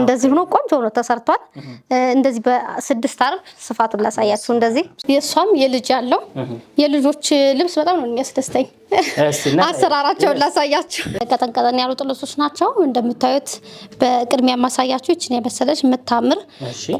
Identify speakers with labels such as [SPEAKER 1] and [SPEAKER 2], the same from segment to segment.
[SPEAKER 1] እንደዚህ ሆኖ ቆንጆ ሆኖ ተሰርቷል። እንደዚህ በስድስት አርብ ስፋቱን ላሳያችሁ። እንደዚህ የእሷም የልጅ ያለው የልጆች ልብስ በጣም ነው የሚያስደስተኝ። አሰራራቸውን ላሳያችሁ። ቀጠንቀጠን ያሉ ጥለቶች ናቸው እንደምታዩት። በቅድሚያ ማሳያችሁ ይችን የመሰለች የምታምር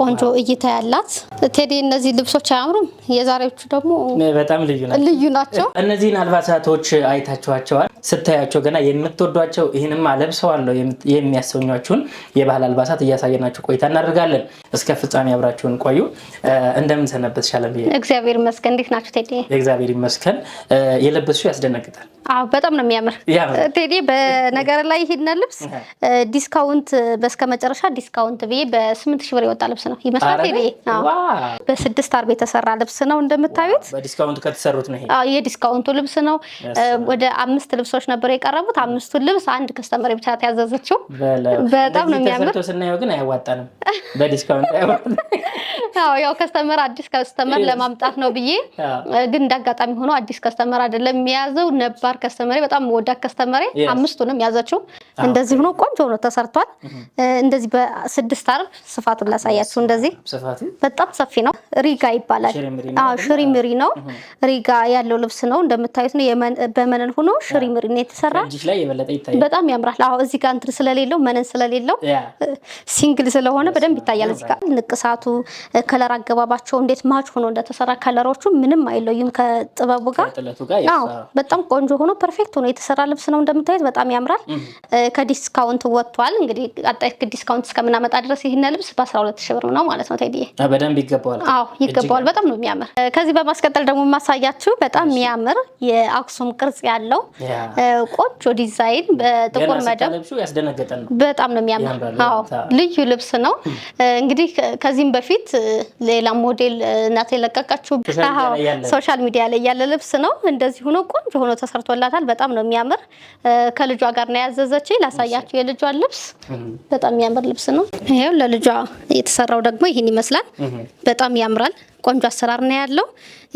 [SPEAKER 1] ቆንጆ እይታ ያላት ቴዲ። እነዚህ ልብሶች አያምሩም? የዛሬዎቹ ደግሞ በጣም ልዩ ናቸው ልዩ ናቸው።
[SPEAKER 2] እነዚህን አልባሳቶች አይታችኋቸዋል። ስታያቸው ገና የምትወዷቸው ይህንማ ለብሰዋለሁ የሚያሰኟችሁን የባህል አልባ አልባሳት እያሳየናችሁ ቆይታ እናደርጋለን። እስከ ፍጻሜ አብራችሁን ቆዩ። እንደምን ሰነበት ሻለም?
[SPEAKER 1] እግዚአብሔር ይመስገን። እንዴት ናችሁ ቴዲ?
[SPEAKER 2] እግዚአብሔር ይመስገን። የለበሱ ያስደነግጣል።
[SPEAKER 1] አዎ በጣም ነው የሚያምር ቴዲ። በነገር ላይ ይሄን ልብስ ዲስካውንት በስከ መጨረሻ ዲስካውንት ብዬ በስምንት ሺህ ብር የወጣ ልብስ ነው ይመስላል ቴዲ። በስድስት አርብ የተሰራ ልብስ ነው እንደምታዩት።
[SPEAKER 2] በዲስካውንት ከተሰሩት ነው ይሄ።
[SPEAKER 1] የዲስካውንቱ ልብስ ነው። ወደ አምስት ልብሶች ነበር የቀረቡት። አምስቱን ልብስ አንድ ከስተመር ብቻ ያዘዘችው። በጣም ነው የሚያምር
[SPEAKER 2] ስናየው ግን አያዋጣንም። በዲስካውንት
[SPEAKER 1] ያው ከስተመር አዲስ ከስተመር ለማምጣት ነው ብዬ ግን እንዳጋጣሚ ሆኖ አዲስ ከስተመር አይደለም የያዘው ነባር ከስተመሬ በጣም ወዳ ከስተመሬ አምስቱንም ያዘችው። እንደዚህ ሆኖ ቆንጆ ሆኖ ተሰርቷል። እንደዚህ በስድስት አርብ ስፋቱን ላሳያችሁ። እንደዚህ በጣም ሰፊ ነው። ሪጋ ይባላል። ሽሪምሪ ነው። ሪጋ ያለው ልብስ ነው እንደምታዩት ነው። በመነን ሆኖ ሽሪምሪ ነው የተሰራ። በጣም ያምራል። አዎ እዚህ ጋር እንትን ስለሌለው መነን ስለሌለው ሲንግል ስለሆነ በደንብ ይታያል። እዚህ ጋር ንቅሳቱ፣ ከለር አገባባቸው እንዴት ማች ሆኖ እንደተሰራ ከለሮቹ ምንም አይለዩም ከጥበቡ ጋር። በጣም ቆንጆ ሆኖ ፐርፌክት ሆኖ የተሰራ ልብስ ነው። እንደምታዩት በጣም ያምራል። ከዲስካውንት ወጥቷል። እንግዲህ ቀጣይ ዲስካውንት እስከምናመጣ ድረስ ይህን ልብስ በ12 ሺህ ብር ነው ማለት ነው። ቴዲዬ
[SPEAKER 2] በደንብ ይገባዋል።
[SPEAKER 1] አዎ ይገባዋል። በጣም ነው የሚያምር። ከዚህ በማስቀጠል ደግሞ የማሳያችሁ በጣም የሚያምር የአክሱም ቅርጽ ያለው ቆንጆ ዲዛይን በጥቁር መደብ በጣም ነው የሚያምር። አዎ ልዩ ልብስ ነው። እንግዲህ ከዚህም በፊት ሌላ ሞዴል እናት የለቀቀችው ሶሻል ሚዲያ ላይ ያለ ልብስ ነው። እንደዚህ ሆኖ ቆንጆ ሆኖ ተሰርቶላታል። በጣም ነው የሚያምር። ከልጇ ጋር ነው ያዘዘችኝ። ላሳያችሁ የልጇን ልብስ። በጣም የሚያምር ልብስ ነው። ይሄው ለልጇ የተሰራው ደግሞ ይህን ይመስላል። በጣም ያምራል። ቆንጆ አሰራር ነው ያለው።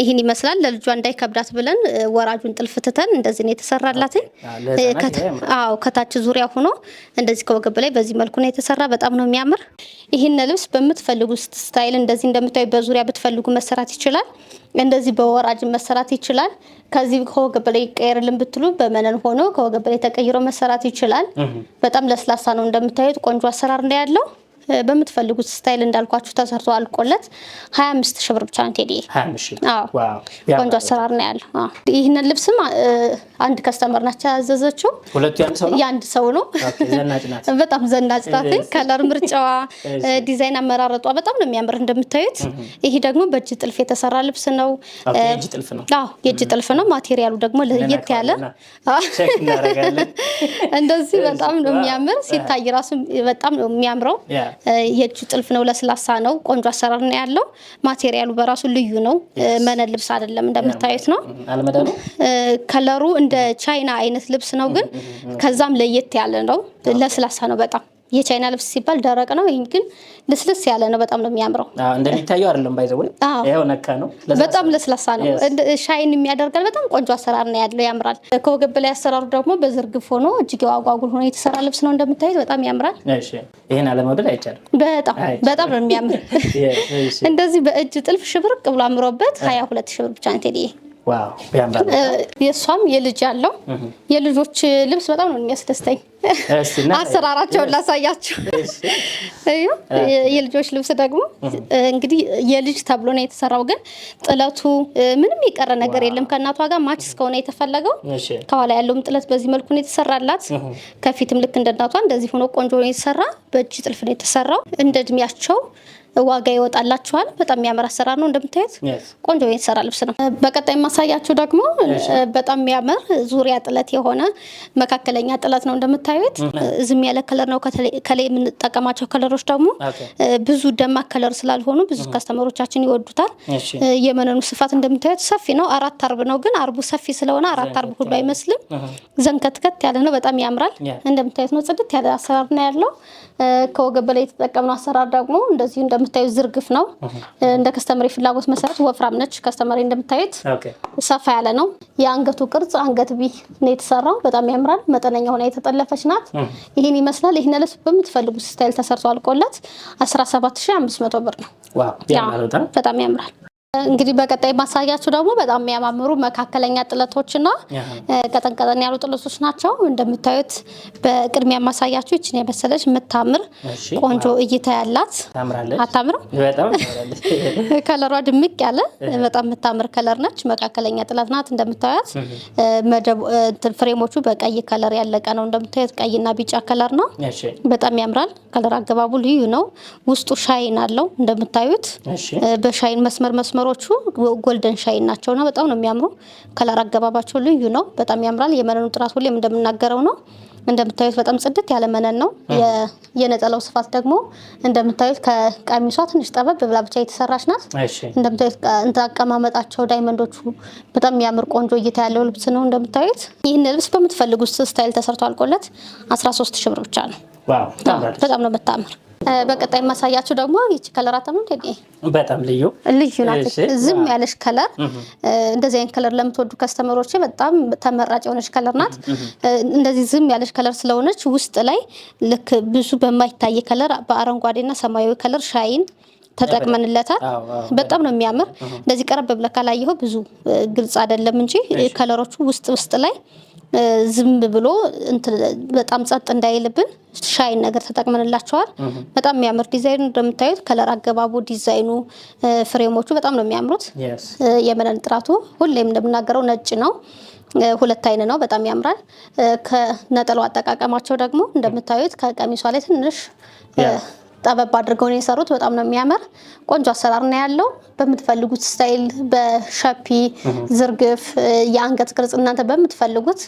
[SPEAKER 1] ይህን ይመስላል። ለልጇ እንዳይከብዳት ብለን ወራጁን ጥልፍ ትተን እንደዚህ ነው የተሰራላት። አዎ ከታች ዙሪያ ሆኖ እንደዚህ ከወገብ ላይ በዚህ መልኩ ነው የተሰራ። በጣም ነው የሚያምር። ይህን ልብስ በምትፈልጉ ስታይል እንደዚህ እንደምታዩ በዙሪያ ብትፈልጉ መሰራት ይችላል። እንደዚህ በወራጅ መሰራት ይችላል። ከዚህ ከወገብ ላይ ይቀየርልን ብትሉ በመነን ሆኖ ከወገብ ላይ ተቀይሮ መሰራት ይችላል። በጣም ለስላሳ ነው እንደምታዩት። ቆንጆ አሰራር ነው ያለው። በምትፈልጉት ስታይል እንዳልኳችሁ ተሰርቶ አልቆለት 25 ሺህ ብር ብቻ ነው ቴዲ። ቆንጆ አሰራር ነው ያለው። ይህንን ልብስም አንድ ከስተመር ናቸው ያዘዘችው፣ የአንድ ሰው ነው። በጣም ዘናጭ ናት። ከለር ምርጫዋ፣ ዲዛይን አመራረጧ በጣም ነው የሚያምር እንደምታዩት። ይሄ ደግሞ በእጅ ጥልፍ የተሰራ ልብስ ነው። የእጅ ጥልፍ ነው። ማቴሪያሉ ደግሞ ለየት ያለ እንደዚህ በጣም ነው የሚያምር። ሲታይ ራሱ በጣም ነው የሚያምረው። የእጁ ጥልፍ ነው፣ ለስላሳ ነው፣ ቆንጆ አሰራር ነው ያለው። ማቴሪያሉ በራሱ ልዩ ነው። መነን ልብስ አይደለም እንደምታዩት ነው። ከለሩ እንደ ቻይና አይነት ልብስ ነው፣ ግን ከዛም ለየት ያለ ነው። ለስላሳ ነው በጣም የቻይና ልብስ ሲባል ደረቅ ነው። ይህ ግን ልስልስ ያለ ነው። በጣም ነው የሚያምረው።
[SPEAKER 2] እንደሚታየው አይደለም ባይዘው ይኸው ነከ ነው።
[SPEAKER 1] በጣም ለስላሳ ነው። ሻይን የሚያደርጋል። በጣም ቆንጆ አሰራር ነው ያለው። ያምራል። ከወገብ በላይ አሰራሩ ደግሞ በዝርግፍ ሆኖ እጅግ አጓጉል ሆኖ የተሰራ ልብስ ነው። እንደምታዩት በጣም ያምራል።
[SPEAKER 2] ይህን አለመውደድ አይቻልም።
[SPEAKER 1] በጣም በጣም ነው የሚያምር። እንደዚህ በእጅ ጥልፍ ሽብርቅ ብሎ አምሮበት ሀያ ሁለት ሺህ ብር ብቻ ነው። የእሷም የልጅ አለው። የልጆች ልብስ በጣም ነው የሚያስደስተኝ። አሰራራቸውን ላሳያቸው የልጆች ልብስ ደግሞ እንግዲህ የልጅ ተብሎ ነው የተሰራው፣ ግን ጥለቱ ምንም የቀረ ነገር የለም። ከእናቷ ጋር ማች እስከሆነ የተፈለገው ከኋላ ያለውም ጥለት በዚህ መልኩ ነው የተሰራላት። ከፊትም ልክ እንደ እናቷ እንደዚህ ሆኖ ቆንጆ ነው የተሰራ። በእጅ ጥልፍ ነው የተሰራው እንደ እድሜያቸው ዋጋ ይወጣላችኋል። በጣም የሚያምር አሰራር ነው እንደምታዩት፣ ቆንጆ የተሰራ ልብስ ነው። በቀጣይ የማሳያችሁ ደግሞ በጣም የሚያምር ዙሪያ ጥለት የሆነ መካከለኛ ጥለት ነው እንደምታዩት፣ mm-hmm. ዝም ያለ ከለር ነው። ከላይ የምንጠቀማቸው ከለሮች ደግሞ ብዙ ደማቅ ከለር ስላልሆኑ ብዙ mm-hmm. ከስተመሮቻችን ይወዱታል። የመነኑ ስፋት እንደምታዩት ሰፊ ነው። አራት አርብ ነው፣ ግን አርቡ ሰፊ ስለሆነ አራት አርብ ሁሉ አይመስልም። mm-hmm. ዘንከትከት ያለ ነው፣ በጣም ያምራል። እንደምታዩት ነው። ጽድት ያለ አሰራር ነው ያለው። ከወገብ በላይ የተጠቀምነው አሰራር ደግሞ እንደዚሁ እንደምታዩት ዝርግፍ ነው። እንደ ከስተመሪ ፍላጎት መሰረት ወፍራም ነች። ከስተመሪ እንደምታዩት ሰፋ ያለ ነው። የአንገቱ ቅርጽ አንገት ቢ ነው የተሰራው። በጣም ያምራል። መጠነኛ ሆና የተጠለፈች ናት። ይህን ይመስላል። ይህን ለብስ በምትፈልጉ ስታይል ተሰርቶ አልቆለት 17500 ብር ነው። በጣም ያምራል። እንግዲህ በቀጣይ ማሳያችሁ ደግሞ በጣም የሚያማምሩ መካከለኛ ጥለቶችና ቀጠን ቀጠን ያሉ ጥለቶች ናቸው። እንደምታዩት በቅድሚያ ማሳያችሁ ይችን የመሰለች የምታምር ቆንጆ እይታ ያላት አታምርም? ከለሯ ድምቅ ያለ በጣም የምታምር ከለር ነች። መካከለኛ ጥለት ናት። እንደምታዩት ፍሬሞቹ በቀይ ከለር ያለቀ ነው። እንደምታዩት ቀይና ቢጫ ከለር ነው። በጣም ያምራል። ከለር አገባቡ ልዩ ነው። ውስጡ ሻይን አለው። እንደምታዩት በሻይን መስመር መስመሩ ከለሮቹ ጎልደን ሻይ ናቸውና በጣም ነው የሚያምሩ። ከለር አገባባቸው ልዩ ነው፣ በጣም ያምራል። የመነኑ ጥራት ሁሌም እንደምናገረው ነው። እንደምታዩት በጣም ጽድት ያለ መነን ነው። የነጠላው ስፋት ደግሞ እንደምታዩት ከቀሚሷ ትንሽ ጠበብ ብላ ብቻ የተሰራች ናት። እንደምታዩት እንትን አቀማመጣቸው ዳይመንዶቹ በጣም የሚያምር ቆንጆ እይታ ያለው ልብስ ነው። እንደምታዩት ይህን ልብስ በምትፈልጉት ስታይል ተሰርቶ አልቆለት 13 ሺህ ብር ብቻ ነው። በጣም ነው የምታምር በቀጣይ የማሳያችሁ ደግሞ ይቺ ከለር ነው ቴዲ በጣም ልዩ ልዩ ናት። ዝም ያለች ከለር፣ እንደዚህ አይነት ከለር ለምትወዱ ከስተመሮች በጣም ተመራጭ የሆነች ከለር ናት። እንደዚህ ዝም ያለች ከለር ስለሆነች ውስጥ ላይ ልክ ብዙ በማይታይ ከለር በአረንጓዴና ሰማያዊ ከለር ሻይን ተጠቅመንለታል። በጣም ነው የሚያምር። እንደዚህ ቀረብ ብለህ ካላየኸው ብዙ ግልጽ አይደለም እንጂ ከለሮቹ ውስጥ ውስጥ ላይ ዝም ብሎ በጣም ጸጥ እንዳይልብን ሻይን ነገር ተጠቅመንላቸዋል። በጣም የሚያምር ዲዛይኑ እንደምታዩት ከለር አገባቡ፣ ዲዛይኑ፣ ፍሬሞቹ በጣም ነው የሚያምሩት። የመነን ጥራቱ ሁሌም እንደምናገረው ነጭ ነው። ሁለት አይን ነው። በጣም ያምራል። ከነጠላው አጠቃቀማቸው ደግሞ እንደምታዩት ከቀሚሷ ላይ ትንሽ ጠበብ አድርገው ነው የሰሩት። በጣም ነው የሚያምር ቆንጆ አሰራር ነው ያለው። በምትፈልጉት ስታይል በሸፒ ዝርግፍ፣ የአንገት ቅርጽ እናንተ በምትፈልጉት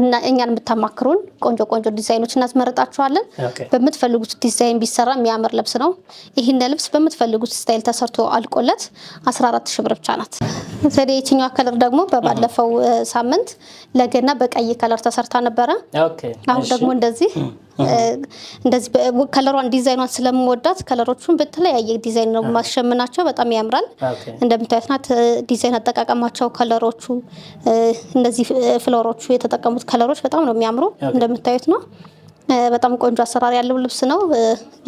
[SPEAKER 1] እና እኛን የምታማክሩን ቆንጆ ቆንጆ ዲዛይኖች እናስመርጣችኋለን። በምትፈልጉት ዲዛይን ቢሰራ የሚያምር ልብስ ነው። ይህን ልብስ በምትፈልጉት ስታይል ተሰርቶ አልቆለት 14 ሺህ ብር ብቻ ናት። ዘዴ የትኛዋ ከለር ደግሞ በባለፈው ሳምንት ለገና በቀይ ከለር ተሰርታ ነበረ። አሁን ደግሞ እንደዚህ እንደዚህ ከለሯን ዲዛይኗን ስለምወዳት ከለሮቹን በተለያየ ዲዛይን ነው ማሸምናቸው። በጣም ያምራል። እንደምታዩት ናት ዲዛይን አጠቃቀማቸው ከለሮቹ፣ እነዚህ ፍሎሮቹ የተጠቀሙት ከለሮች በጣም ነው የሚያምሩ። እንደምታዩት ነው። በጣም ቆንጆ አሰራር ያለው ልብስ ነው።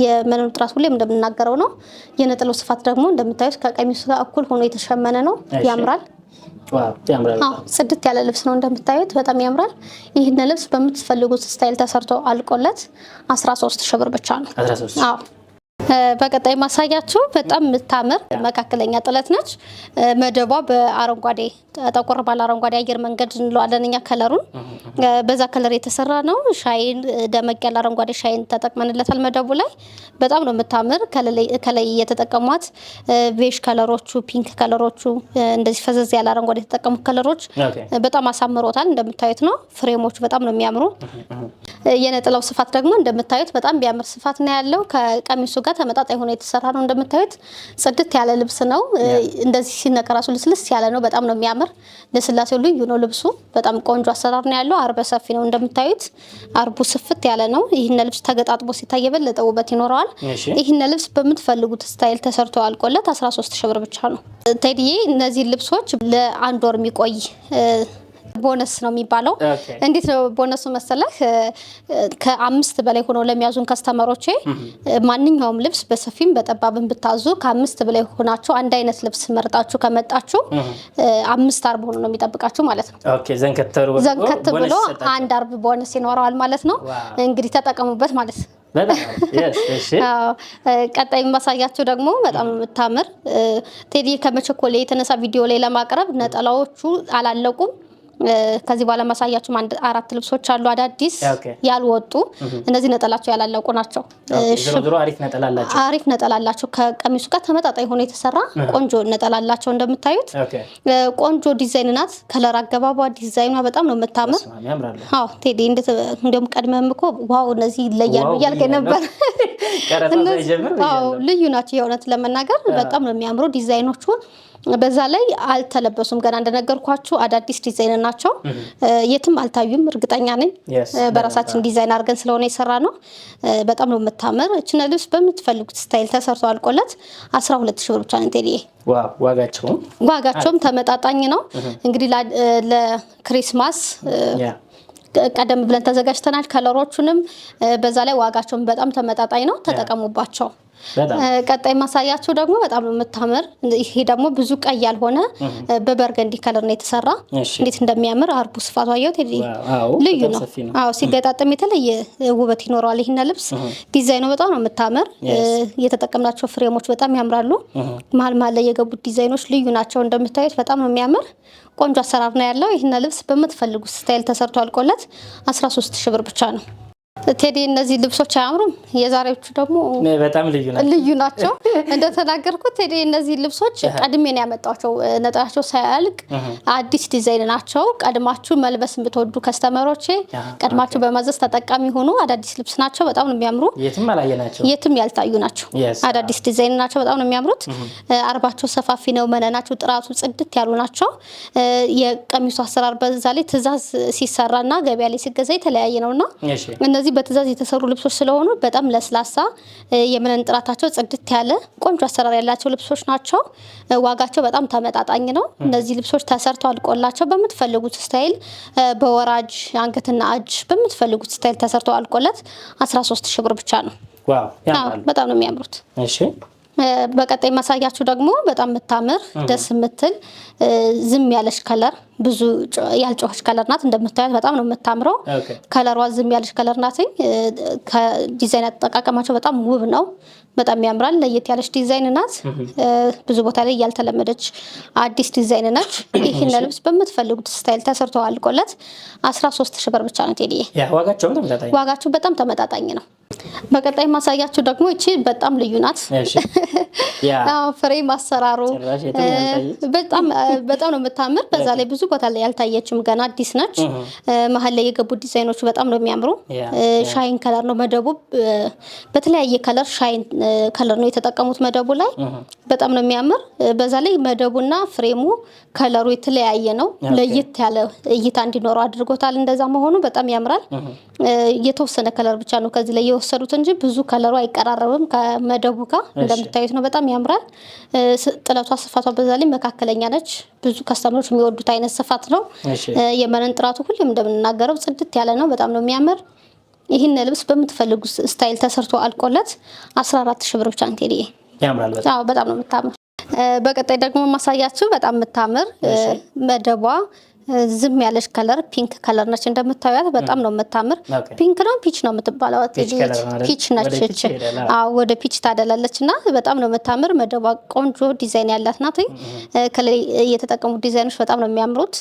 [SPEAKER 1] የመነኑ ጥራት ሁሌም እንደምናገረው ነው። የነጥለው ስፋት ደግሞ እንደምታዩት ከቀሚሱ ጋር እኩል ሆኖ የተሸመነ ነው። ያምራል። ስድት ያለ ልብስ ነው እንደምታዩት፣ በጣም ያምራል። ይህን ልብስ በምትፈልጉት ስታይል ተሰርቶ አልቆለት 13 ሺህ ብር ብቻ ነው። በቀጣይ ማሳያችሁ በጣም የምታምር መካከለኛ ጥለት ነች። መደቧ በአረንጓዴ ጠቆር ባለ አረንጓዴ አየር መንገድ እንለዋለን እኛ ከለሩን። በዛ ከለር የተሰራ ነው። ሻይን ደመቅ ያለ አረንጓዴ ሻይን ተጠቅመንለታል መደቡ ላይ። በጣም ነው የምታምር። ከላይ የተጠቀሟት ቬሽ ከለሮቹ፣ ፒንክ ከለሮቹ፣ እንደዚህ ፈዘዝ ያለ አረንጓዴ የተጠቀሙት ከለሮች በጣም አሳምሮታል። እንደምታዩት ነው። ፍሬሞቹ በጣም ነው የሚያምሩ። የነጥላው ስፋት ደግሞ እንደምታዩት በጣም ቢያምር ስፋት ነው ያለው። ከቀሚሱ ጋር ተመጣጣኝ ሆኖ የተሰራ ነው። እንደምታዩት ጽድት ያለ ልብስ ነው። እንደዚህ ሲነካ ራሱ ልስልስ ያለ ነው። በጣም ነው የሚያምር። ለስላሴው ልዩ ነው ልብሱ። በጣም ቆንጆ አሰራር ነው ያለው። አርበ ሰፊ ነው እንደምታዩት። አርቡ ስፍት ያለ ነው። ይህን ልብስ ተገጣጥቦ ሲታይ የበለጠ ውበት ይኖረዋል። ይህን ልብስ በምትፈልጉት ስታይል ተሰርቶ አልቆለት 13 ሺህ ብር ብቻ ነው። ቴዲዬ እነዚህ ልብሶች ለአንድ ወር የሚቆይ ቦነስ ነው የሚባለው። እንዴት ነው ቦነሱ መሰለህ? ከአምስት በላይ ሆኖ ለሚያዙን ከስተመሮቼ ማንኛውም ልብስ በሰፊም በጠባብም ብታዙ ከአምስት በላይ ሆናችሁ አንድ አይነት ልብስ መርጣችሁ ከመጣችሁ አምስት አርብ ሆኖ ነው የሚጠብቃችሁ ማለት ነው። ዘንከት ብሎ አንድ አርብ ቦነስ ይኖረዋል ማለት ነው። እንግዲህ ተጠቀሙበት ማለት ነው። ቀጣይ ማሳያቸው ደግሞ በጣም የምታምር ቴዲ ከመቸኮሌ የተነሳ ቪዲዮ ላይ ለማቅረብ ነጠላዎቹ አላለቁም። ከዚህ በኋላ ማሳያችሁም አንድ አራት ልብሶች አሉ አዳዲስ ያልወጡ እነዚህ ነጠላቸው ያላለቁ ናቸው። አሪፍ ነጠላላቸው ከቀሚሱ ጋር ተመጣጣኝ ሆኖ የተሰራ ቆንጆ ነጠላላቸው እንደምታዩት ቆንጆ ዲዛይን ናት። ከለር አገባቧ ዲዛይኗ በጣም ነው የምታምር። አዎ ቴዲ እንዲሁም ቀድመም እኮ ዋው እነዚህ ይለያሉ እያልከኝ ነበር። ልዩ ናቸው የእውነት ለመናገር በጣም ነው የሚያምሩ ዲዛይኖቹን በዛ ላይ አልተለበሱም። ገና እንደነገርኳችሁ አዳዲስ ዲዛይን ናቸው። የትም አልታዩም፣ እርግጠኛ ነኝ። በራሳችን ዲዛይን አድርገን ስለሆነ የሰራ ነው። በጣም ነው የምታምር። እችነ ልብስ በምትፈልጉት ስታይል ተሰርቶ አልቆለት አስራ ሁለት ብር ብቻ ነው ቴዲዬ። ዋጋቸውም ዋጋቸውም ተመጣጣኝ ነው። እንግዲህ ለክሪስማስ ቀደም ብለን ተዘጋጅተናል። ከለሮቹንም በዛ ላይ ዋጋቸውም በጣም ተመጣጣኝ ነው። ተጠቀሙባቸው። ቀጣይ ማሳያቸው ደግሞ በጣም ነው የምታምር ይሄ ደግሞ ብዙ ቀይ ያልሆነ በበርገንዲ ከለር ነው የተሰራ። እንዴት እንደሚያምር አርቡ ስፋቱ አየሁት፣ ልዩ ነው። አዎ ሲገጣጠም የተለየ ውበት ይኖረዋል። ይህን ልብስ ዲዛይኑ በጣም ነው የምታምር። የተጠቀምናቸው ፍሬሞች በጣም ያምራሉ። መሀል መሀል ላይ የገቡት ዲዛይኖች ልዩ ናቸው። እንደምታዩት በጣም ነው የሚያምር። ቆንጆ አሰራር ነው ያለው። ይህን ልብስ በምትፈልጉት ስታይል ተሰርቶ አልቆለት 13 ሺህ ብር ብቻ ነው። ቴዲ እነዚህ ልብሶች አያምሩም? የዛሬዎቹ ደግሞ
[SPEAKER 2] በጣም ልዩ ናቸው
[SPEAKER 1] ልዩ ናቸው። እንደተናገርኩት ቴዲ እነዚህ ልብሶች ቀድሜ ነው ያመጣቸው። ነጠላቸው ሳያልቅ አዲስ ዲዛይን ናቸው። ቀድማችሁ መልበስ የምትወዱ ከስተመሮቼ ቀድማችሁ በማዘዝ ተጠቃሚ ሆኑ። አዳዲስ ልብስ ናቸው። በጣም ነው የሚያምሩ። የትም ያልታዩ ናቸው። አዳዲስ ዲዛይን ናቸው። በጣም ነው የሚያምሩት። አርባቸው ሰፋፊ ነው። መነናቸው ጥራቱ ጽድት ያሉ ናቸው። የቀሚሱ አሰራር በዛ ላይ ትዕዛዝ ሲሰራና ገበያ ላይ ሲገዛ የተለያየ ነውና እነዚህ በትእዛዝ የተሰሩ ልብሶች ስለሆኑ በጣም ለስላሳ፣ የመነን ጥራታቸው ጽድት ያለ ቆንጆ አሰራር ያላቸው ልብሶች ናቸው። ዋጋቸው በጣም ተመጣጣኝ ነው። እነዚህ ልብሶች ተሰርተው አልቆላቸው በምትፈልጉት ስታይል በወራጅ አንገትና እጅ በምትፈልጉት ስታይል ተሰርተው አልቆለት 13 ሺ ብር ብቻ ነው። በጣም ነው የሚያምሩት። በቀጣይ ማሳያችሁ ደግሞ በጣም የምታምር ደስ የምትል ዝም ያለች ከለር ብዙ ያልጮኸች ከለር ናት። እንደምታያት በጣም ነው የምታምረው። ከለሯ ዝም ያለች ከለር ናትኝ። ከዲዛይን አጠቃቀማቸው በጣም ውብ ነው። በጣም ያምራል። ለየት ያለች ዲዛይን ናት። ብዙ ቦታ ላይ ያልተለመደች አዲስ ዲዛይን ናት። ይህን ልብስ በምትፈልጉት ስታይል ተሰርቶ አልቆለት ሶስት ሺህ ብር ብቻ ነው። ዋጋቸው በጣም ተመጣጣኝ ነው። በቀጣይ ማሳያችሁ ደግሞ እቺ በጣም ልዩ ናት። ፍሬም አሰራሩ በጣም በጣም ነው የምታምር። በዛ ላይ ብዙ ቦታ ላይ ያልታየችም ገና አዲስ ነች። መሀል ላይ የገቡ ዲዛይኖቹ በጣም ነው የሚያምሩ። ሻይን ከለር ነው መደቡ። በተለያየ ከለር ሻይን ከለር ነው የተጠቀሙት መደቡ ላይ በጣም ነው የሚያምር። በዛ ላይ መደቡና ፍሬሙ ከለሩ የተለያየ ነው። ለየት ያለ እይታ እንዲኖረው አድርጎታል። እንደዛ መሆኑ በጣም ያምራል። የተወሰነ ከለር ብቻ ነው ከዚህ ላይ የወሰ የወሰዱት እንጂ ብዙ ከለሩ አይቀራረብም ከመደቡ ጋር እንደምታዩት ነው። በጣም ያምራል። ጥለቷ፣ ስፋቷ በዛ ላይ መካከለኛ ነች። ብዙ ከስተመሮች የሚወዱት አይነት ስፋት ነው። የመነን ጥራቱ ሁሌም እንደምንናገረው ጽድት ያለ ነው። በጣም ነው የሚያምር። ይህን ልብስ በምትፈልጉ ስታይል ተሰርቶ አልቆለት 14 ሺህ ብር ብቻ እንቴዲ። በጣም ነው የምታምር። በቀጣይ ደግሞ ማሳያችሁ በጣም የምታምር መደቧ ዝም ያለች ከለር ፒንክ ከለር ነች። እንደምታዩት በጣም ነው የምታምር። ፒንክ ነው ፒች ነው የምትባለው ፒች ነች። ወደ ፒች ታደላለች እና በጣም ነው የምታምር። መደቧ ቆንጆ ዲዛይን ያላት ናት። ከላይ የተጠቀሙት ዲዛይኖች በጣም ነው የሚያምሩት።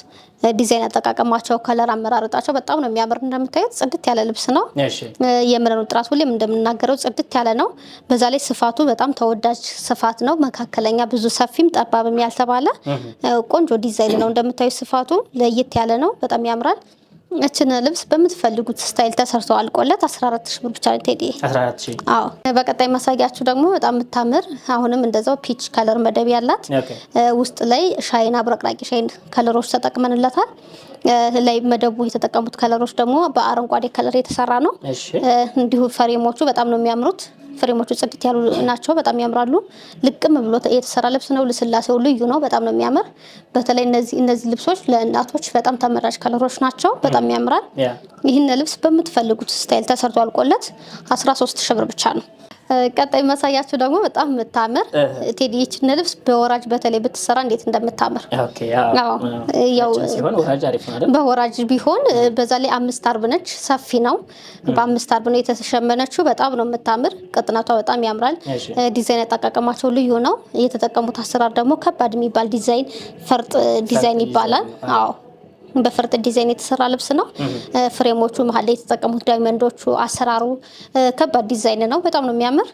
[SPEAKER 1] ዲዛይን አጠቃቀማቸው፣ ከለር አመራረጣቸው በጣም ነው የሚያምር። እንደምታዩት ጽድት ያለ ልብስ ነው። የምረኑ ጥራት ሁሌም እንደምናገረው ጽድት ያለ ነው። በዛ ላይ ስፋቱ በጣም ተወዳጅ ስፋት ነው። መካከለኛ ብዙ ሰፊም ጠባብም ያልተባለ ቆንጆ ዲዛይን ነው። እንደምታዩት ስፋቱ ለየት ያለ ነው፣ በጣም ያምራል። እችን ልብስ በምትፈልጉት ስታይል ተሰርቶ አልቆለት 14 ሺህ ብር ብቻ ነው። ቴዲ አዎ። በቀጣይ ማሳያችሁ ደግሞ በጣም የምታምር አሁንም እንደዛው ፒች ከለር መደብ ያላት ውስጥ ላይ ሻይን አብረቅራቂ ሻይን ከለሮች ተጠቅመንለታል። ላይ መደቡ የተጠቀሙት ከለሮች ደግሞ በአረንጓዴ ከለር የተሰራ ነው። እንዲሁ ፈሬሞቹ በጣም ነው የሚያምሩት። ፍሬሞቹ ጽድት ያሉ ናቸው፣ በጣም ያምራሉ። ልቅም ብሎ የተሰራ ልብስ ነው። ልስላሴው ልዩ ነው፣ በጣም ነው የሚያምር። በተለይ እነዚህ እነዚህ ልብሶች ለእናቶች በጣም ተመራጭ ከለሮች ናቸው፣ በጣም ያምራል። ይህን ልብስ በምትፈልጉት ስታይል ተሰርቶ አልቆለት 13 ሺህ ብር ብቻ ነው። ቀጣይ መሳያቸው ደግሞ በጣም የምታምር ቴዲ ይችን ልብስ በወራጅ በተለይ ብትሰራ እንዴት እንደምታምር በወራጅ ቢሆን በዛ ላይ አምስት አርብ ነች። ሰፊ ነው። በአምስት አርብ ነው የተሸመነችው። በጣም ነው የምታምር። ቅጥነቷ በጣም ያምራል። ዲዛይን አጠቃቀማቸው ልዩ ነው። የተጠቀሙት አሰራር ደግሞ ከባድ የሚባል ዲዛይን ፈርጥ ዲዛይን ይባላል። አዎ በፈርጥ ዲዛይን የተሰራ ልብስ ነው። ፍሬሞቹ መሀል ላይ የተጠቀሙት ዳይመንዶቹ፣ አሰራሩ ከባድ ዲዛይን ነው። በጣም ነው የሚያምር።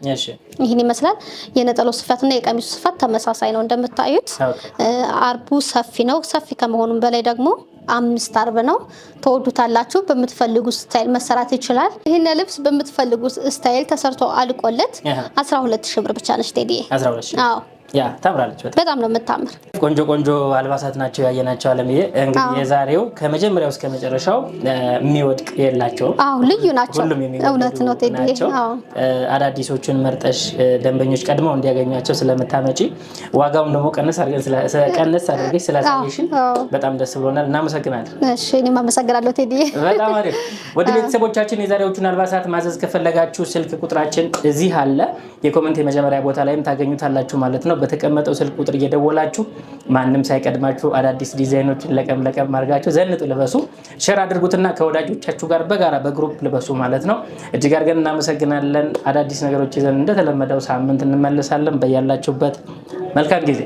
[SPEAKER 1] ይህን ይመስላል። የነጠላው እና የቀሚሱ ስፋት ተመሳሳይ ነው። እንደምታዩት አርቡ ሰፊ ነው። ሰፊ ከመሆኑም በላይ ደግሞ አምስት አርብ ነው። ተወዱታላችሁ። በምትፈልጉ ስታይል መሰራት ይችላል። ይህን ልብስ በምትፈልጉ ስታይል ተሰርቶ አልቆለት 12 ሺህ ብር ብቻ ነች ቴዲ
[SPEAKER 2] ያ ታምራለች።
[SPEAKER 1] በጣም ነው የምታምር።
[SPEAKER 2] ቆንጆ ቆንጆ አልባሳት ናቸው ያየናቸው። አለምዬ እንግዲህ የዛሬው ከመጀመሪያው እስከ መጨረሻው የሚወድቅ የላቸው።
[SPEAKER 1] አዎ ልዩ ናቸው። ሁሉም እውነት ነው ቴዲ።
[SPEAKER 2] አዳዲሶቹን መርጠሽ ደንበኞች ቀድመው እንዲያገኟቸው ስለምታመጪ ዋጋውም ደግሞ ቀነስ አድርገሽ ስላሳየሽን በጣም ደስ ብሎናል። እናመሰግናለን።
[SPEAKER 1] እሺ እኔም አመሰግናለሁ ቴዲ።
[SPEAKER 2] በጣም አሪፍ። ወደ ቤተሰቦቻችን የዛሬዎቹን አልባሳት ማዘዝ ከፈለጋችሁ ስልክ ቁጥራችን እዚህ አለ። የኮመንት የመጀመሪያ ቦታ ላይም ታገኙታላችሁ ማለት ነው። በተቀመጠው ስልክ ቁጥር እየደወላችሁ ማንም ሳይቀድማችሁ አዳዲስ ዲዛይኖችን ለቀም ለቀም አድርጋችሁ ዘንጡ ልበሱ። ሸር አድርጉትና ከወዳጆቻችሁ ጋር በጋራ በግሩፕ ልበሱ ማለት ነው። እጅግ አድርገን እናመሰግናለን። አዳዲስ ነገሮች ይዘን እንደተለመደው ሳምንት እንመልሳለን። በያላችሁበት መልካም ጊዜ